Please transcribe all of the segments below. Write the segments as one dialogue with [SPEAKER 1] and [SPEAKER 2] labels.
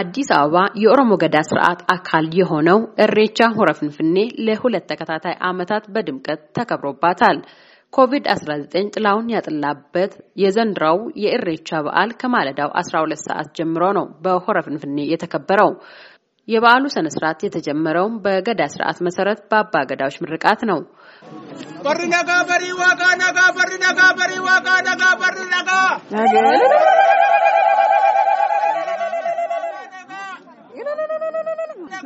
[SPEAKER 1] አዲስ አበባ የኦሮሞ ገዳ ስርዓት አካል የሆነው እሬቻ ሆረ ለሁለት ተከታታይ ዓመታት በድምቀት ተከብሮባታል። ኮቪድ-19 ጥላውን ያጥላበት የዘንድሮው የእሬቻ በዓል ከማለዳው 12 ሰዓት ጀምሮ ነው በሆረፍንፍኔ የተከበረው። የበዓሉ ስነ ስርዓት የተጀመረው በገዳ ስርዓት መሰረት በአባ ገዳዎች ምርቃት ነው።
[SPEAKER 2] ነጋ በሪ ዋጋ ነጋ ነጋ በሪ ዋጋ ነጋ ነጋ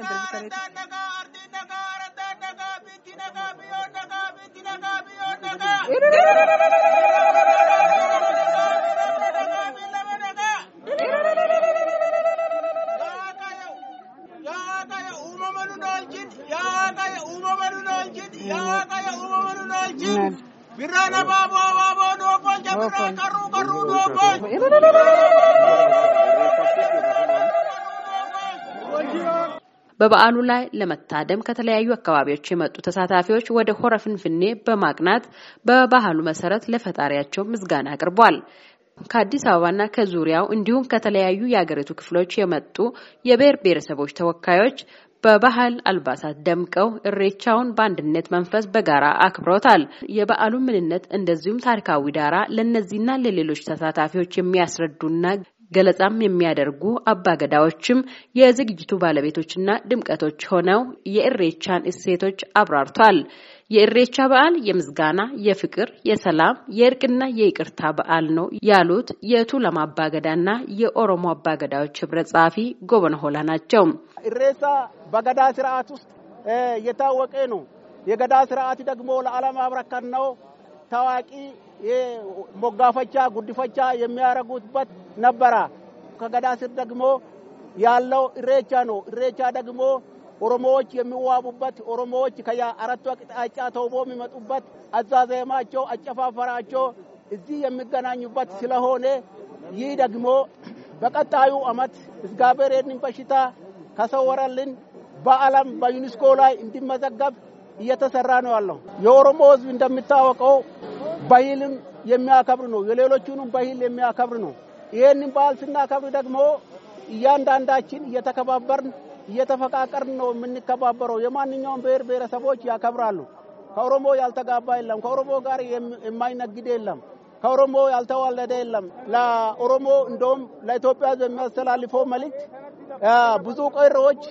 [SPEAKER 1] ప్రశ్న దొరుకుతారు
[SPEAKER 3] Birana babo babo dogon jabira karu karu dogon.
[SPEAKER 1] በበዓሉ ላይ ለመታደም ከተለያዩ አካባቢዎች የመጡ ተሳታፊዎች ወደ ሆረ ፍንፍኔ በማቅናት በባህሉ መሰረት ለፈጣሪያቸው ምስጋና አቅርቧል። ከአዲስ አበባና ከዙሪያው እንዲሁም ከተለያዩ የአገሪቱ ክፍሎች የመጡ የብሔር ብሔረሰቦች ተወካዮች በባህል አልባሳት ደምቀው እሬቻውን በአንድነት መንፈስ በጋራ አክብረውታል። የበዓሉን ምንነት እንደዚሁም ታሪካዊ ዳራ ለእነዚህና ለሌሎች ተሳታፊዎች የሚያስረዱና ገለጻም የሚያደርጉ አባገዳዎችም የዝግጅቱ ባለቤቶችና ድምቀቶች ሆነው የእሬቻን እሴቶች አብራርቷል። የእሬቻ በዓል የምስጋና፣ የፍቅር፣ የሰላም፣ የእርቅና የይቅርታ በዓል ነው ያሉት የቱለማ አባገዳና የኦሮሞ አባገዳዎች ህብረት ጸሐፊ ጎበነ ሆላ ናቸው።
[SPEAKER 2] እሬሳ በገዳ ስርዓት ውስጥ የታወቀ ነው። የገዳ ስርዓት ደግሞ ለዓለም አብረከት ነው ታዋቂ ሞጋፈቻ፣ ጉድፈቻ የሚያደርጉበት ነበረ። ከገዳ ስር ደግሞ ያለው እሬቻ ነው። እሬቻ ደግሞ ኦሮሞዎች የሚዋቡበት ኦሮሞዎች ከየአራቱ አቅጣጫ ተውቦ የሚመጡበት አዛዜማቸው፣ አጨፋፈራቸው እዚህ የሚገናኙበት ስለሆነ ይህ ደግሞ በቀጣዩ አመት እግዚአብሔር በሽታ ከሰወረልን በዓለም በዩኒስኮ ላይ እንዲመዘገብ እየተሰራ ነው ያለው። የኦሮሞ ህዝብ እንደሚታወቀው ባህልም የሚያከብር ነው። የሌሎቹንም ባህል የሚያከብር ነው። ይህንን ባህል ስናከብር ደግሞ እያንዳንዳችን እየተከባበርን እየተፈቃቀርን ነው የምንከባበረው። የማንኛውም ብሔር ብሔረሰቦች ያከብራሉ። ከኦሮሞ ያልተጋባ የለም። ከኦሮሞ ጋር የማይነግድ የለም። ከኦሮሞ ያልተዋለደ የለም። ለኦሮሞ እንደውም ለኢትዮጵያ ሕዝብ የሚያስተላልፈው መልእክት ብዙ ቆይሮዎች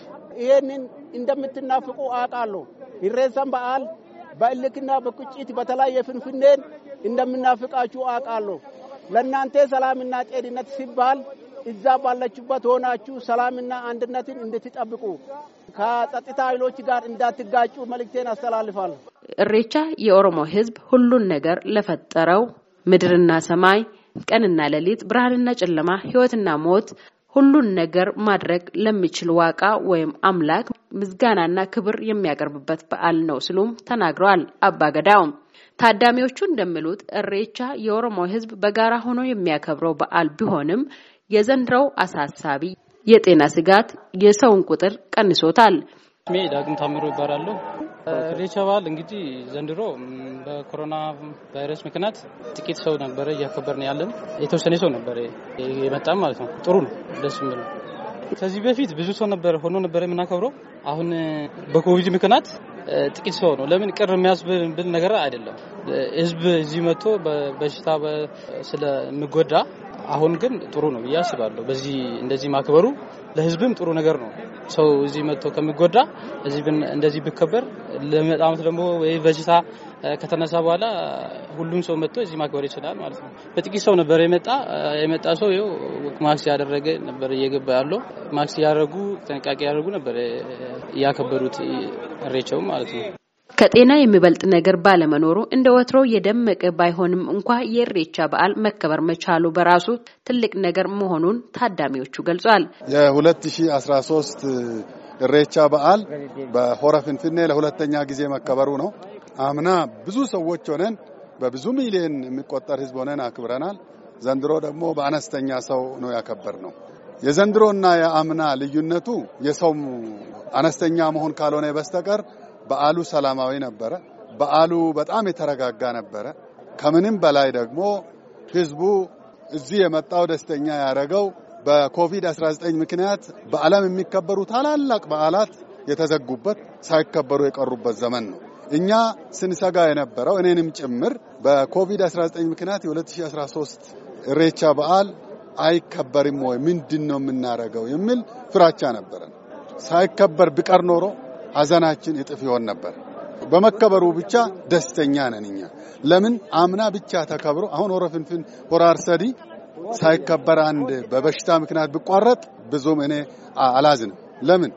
[SPEAKER 2] ይሄንን እንደምትናፍቁ አውቃለሁ። ይሬሰን በዓል በእልክና በቁጭት በተለያየ ፍንፍኔን እንደምናፍቃችሁ አውቃለሁ። ለእናንተ ሰላምና ጤንነት ሲባል እዛ ባላችሁበት ሆናችሁ ሰላምና አንድነትን እንድትጠብቁ ከጸጥታ ኃይሎች ጋር እንዳትጋጩ መልእክቴን አስተላልፋለሁ።
[SPEAKER 1] እሬቻ የኦሮሞ ሕዝብ ሁሉን ነገር ለፈጠረው ምድርና ሰማይ፣ ቀንና ሌሊት፣ ብርሃንና ጨለማ፣ ሕይወትና ሞት ሁሉን ነገር ማድረግ ለሚችል ዋቃ ወይም አምላክ ምስጋናና ክብር የሚያቀርብበት በዓል ነው ሲሉም ተናግረዋል። አባገዳውም ታዳሚዎቹ እንደሚሉት እሬቻ የኦሮሞ ሕዝብ በጋራ ሆኖ የሚያከብረው በዓል ቢሆንም የዘንድሮው አሳሳቢ የጤና ስጋት የሰውን ቁጥር ቀንሶታል።
[SPEAKER 4] ስሜ ዳግም ታምሮ ይባላለሁ። ኢሬቻ በዓል እንግዲህ ዘንድሮ በኮሮና ቫይረስ ምክንያት ጥቂት ሰው ነበረ እያከበርን ያለን፣ የተወሰነ ሰው ነበረ የመጣም ማለት ነው። ጥሩ ነው፣ ደስ የሚል ነው። ከዚህ በፊት ብዙ ሰው ነበረ ሆኖ ነበረ የምናከብረው። አሁን በኮቪድ ምክንያት ጥቂት ሰው ነው። ለምን ቅር የሚያስብል ነገር አይደለም። ህዝብ እዚህ መጥቶ በሽታ ስለሚጎዳ አሁን ግን ጥሩ ነው ብዬ አስባለሁ። በዚህ እንደዚህ ማክበሩ ለህዝብም ጥሩ ነገር ነው። ሰው እዚህ መጥቶ ከሚጎዳ እዚህ እንደዚህ ቢከበር ለመጣመት ደግሞ ወይ በሽታ ከተነሳ በኋላ ሁሉም ሰው መጥቶ እዚህ ማክበር ይችላል ማለት ነው። በጥቂት ሰው ነበር የመጣ የመጣ ሰው ይኸው ማክስ ያደረገ ነበር እየገባ ያለው ማክስ ያደረጉ ጥንቃቄ ያደረጉ ነበር እያከበሩት እሬቻው ማለት ነው።
[SPEAKER 1] ከጤና የሚበልጥ ነገር ባለመኖሩ እንደ ወትሮ የደመቀ ባይሆንም እንኳ የእሬቻ በዓል መከበር መቻሉ በራሱ ትልቅ ነገር መሆኑን ታዳሚዎቹ ገልጿል።
[SPEAKER 5] የ2013 እሬቻ በዓል በሆረ ፍንፍኔ ለሁለተኛ ጊዜ መከበሩ ነው። አምና ብዙ ሰዎች ሆነን በብዙ ሚሊዮን የሚቆጠር ህዝብ ሆነን አክብረናል። ዘንድሮ ደግሞ በአነስተኛ ሰው ነው ያከበር ነው። የዘንድሮና የአምና ልዩነቱ የሰው አነስተኛ መሆን ካልሆነ በስተቀር በዓሉ ሰላማዊ ነበረ። በዓሉ በጣም የተረጋጋ ነበረ። ከምንም በላይ ደግሞ ህዝቡ እዚህ የመጣው ደስተኛ ያደረገው በኮቪድ-19 ምክንያት በዓለም የሚከበሩ ታላላቅ በዓላት የተዘጉበት ሳይከበሩ የቀሩበት ዘመን ነው። እኛ ስንሰጋ የነበረው እኔንም ጭምር በኮቪድ-19 ምክንያት የ2013 እሬቻ በዓል አይከበርም ወይ ምንድን ነው የምናደርገው የሚል ፍራቻ ነበረን። ሳይከበር ብቀር ኖሮ ሀዘናችን እጥፍ ይሆን ነበር። በመከበሩ ብቻ ደስተኛ ነን እኛ። ለምን አምና ብቻ ተከብሮ አሁን ወረፍንፍን ፍንፍን ሳይከበር አንድ በበሽታ ምክንያት ቢቋረጥ ብዙም እኔ አላዝንም። ለምን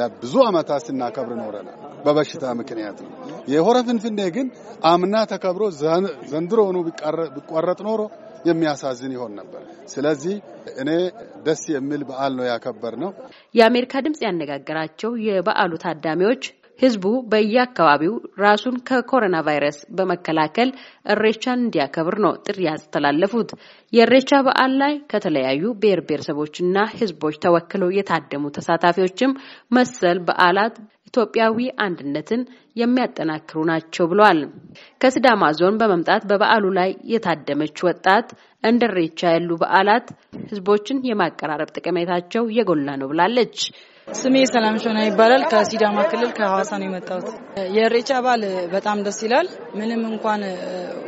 [SPEAKER 5] ለብዙ ዓመታት ስናከብር ኖረናል። በበሽታ ምክንያት ነው። የሆረ ፍንፍኔ ግን አምና ተከብሮ ዘንድሮ ሆኖ ቢቋረጥ ኖሮ የሚያሳዝን ይሆን ነበር። ስለዚህ እኔ ደስ የሚል በዓል ነው ያከበር ነው።
[SPEAKER 1] የአሜሪካ ድምፅ ያነጋገራቸው የበዓሉ ታዳሚዎች ህዝቡ በየአካባቢው ራሱን ከኮሮና ቫይረስ በመከላከል እሬቻን እንዲያከብር ነው ጥሪ ያስተላለፉት። የእሬቻ በዓል ላይ ከተለያዩ ብሔር ብሔረሰቦችና ህዝቦች ተወክለው የታደሙ ተሳታፊዎችም መሰል በዓላት ኢትዮጵያዊ አንድነትን የሚያጠናክሩ ናቸው ብሏል። ከሲዳማ ዞን በመምጣት በበዓሉ ላይ የታደመች ወጣት እንደሬቻ ያሉ
[SPEAKER 6] በዓላት ህዝቦችን የማቀራረብ ጠቀሜታቸው የጎላ ነው ብላለች። ስሜ ሰላም ሾና ይባላል። ከሲዳማ ክልል ከሐዋሳ ነው የመጣሁት። የእሬቻ በዓል በጣም ደስ ይላል። ምንም እንኳን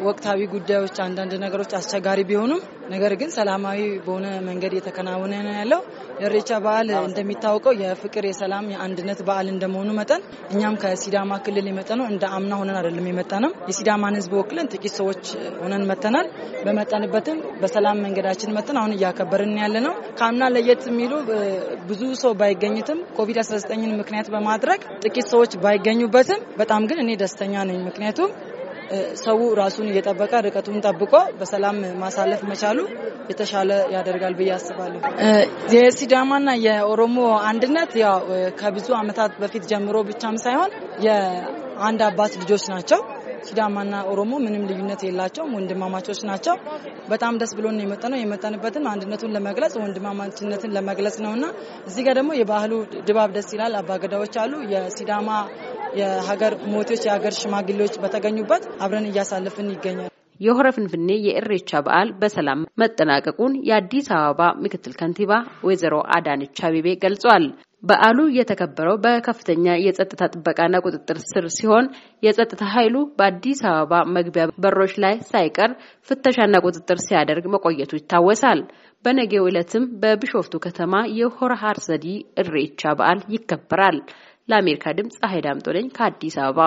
[SPEAKER 6] ወቅታዊ ጉዳዮች አንዳንድ ነገሮች አስቸጋሪ ቢሆኑም ነገር ግን ሰላማዊ በሆነ መንገድ እየተከናወነ ነው ያለው። የሬቻ በዓል እንደሚታወቀው የፍቅር፣ የሰላም፣ የአንድነት በዓል እንደመሆኑ መጠን እኛም ከሲዳማ ክልል የመጣ ነው እንደ አምና ሆነን አይደለም የመጣ ነው። የሲዳማን ህዝብ ወክለን ጥቂት ሰዎች ሆነን መተናል። በመጠንበትም በሰላም መንገዳችን መጠን አሁን እያከበርን ያለ ነው። ከአምና ለየት የሚሉ ብዙ ሰው ባይገኝትም ኮቪድ-19ን ምክንያት በማድረግ ጥቂት ሰዎች ባይገኙበትም በጣም ግን እኔ ደስተኛ ነኝ። ምክንያቱም ሰው ራሱን እየጠበቀ ርቀቱን ጠብቆ በሰላም ማሳለፍ መቻሉ የተሻለ ያደርጋል ብዬ አስባለሁ። የሲዳማና የኦሮሞ አንድነት ያው ከብዙ ዓመታት በፊት ጀምሮ ብቻም ሳይሆን የአንድ አባት ልጆች ናቸው። ሲዳማና ኦሮሞ ምንም ልዩነት የላቸውም፣ ወንድማማቾች ናቸው። በጣም ደስ ብሎን ነው የመጣነው። የመጣንበትም አንድነቱን ለመግለጽ ወንድማማችነትን ለመግለጽ ነውና እዚህ ጋር ደግሞ የባህሉ ድባብ ደስ ይላል። አባገዳዎች አሉ። የሲዳማ የሀገር ሞቶች፣ የሀገር ሽማግሌዎች በተገኙበት አብረን እያሳለፍን ይገኛል።
[SPEAKER 1] የሆረ ፍንፍኔ የእሬቻ በዓል በሰላም መጠናቀቁን የአዲስ አበባ ምክትል ከንቲባ ወይዘሮ አዳነች አቤቤ ገልጿል። በዓሉ የተከበረው በከፍተኛ የጸጥታ ጥበቃና ቁጥጥር ስር ሲሆን የጸጥታ ኃይሉ በአዲስ አበባ መግቢያ በሮች ላይ ሳይቀር ፍተሻና ቁጥጥር ሲያደርግ መቆየቱ ይታወሳል። በነገው ዕለትም በቢሾፍቱ ከተማ የሆረ ሃርሰዲ እሬቻ በዓል ይከበራል። ለአሜሪካ ድምፅ ፀሐይ ዳምጦ ነኝ ከአዲስ አበባ